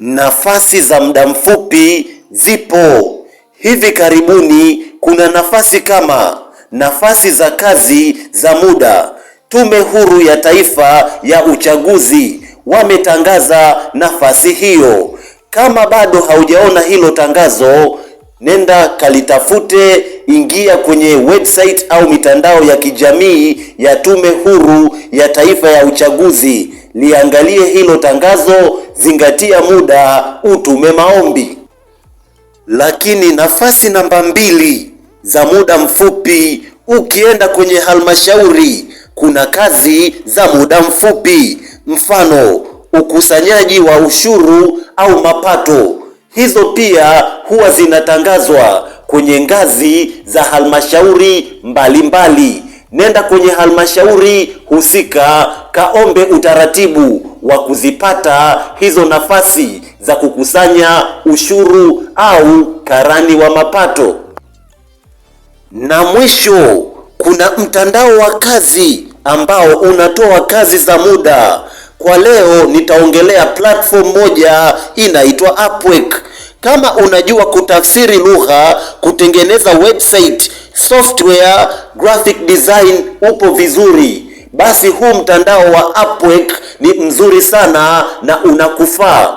Nafasi za muda mfupi zipo. Hivi karibuni kuna nafasi kama nafasi za kazi za muda. Tume Huru ya Taifa ya Uchaguzi wametangaza nafasi hiyo. Kama bado haujaona hilo tangazo, nenda kalitafute, ingia kwenye website au mitandao ya kijamii ya Tume Huru ya Taifa ya Uchaguzi liangalie hilo tangazo, zingatia muda, utume maombi. Lakini nafasi namba mbili za muda mfupi, ukienda kwenye halmashauri kuna kazi za muda mfupi, mfano ukusanyaji wa ushuru au mapato. Hizo pia huwa zinatangazwa kwenye ngazi za halmashauri mbalimbali nenda kwenye halmashauri husika, kaombe utaratibu wa kuzipata hizo nafasi za kukusanya ushuru au karani wa mapato. Na mwisho, kuna mtandao wa kazi ambao unatoa kazi za muda. Kwa leo nitaongelea platform moja inaitwa Upwork. Kama unajua kutafsiri lugha, kutengeneza website, software, graphic design, upo vizuri, basi huu mtandao wa Upwork ni mzuri sana na unakufaa.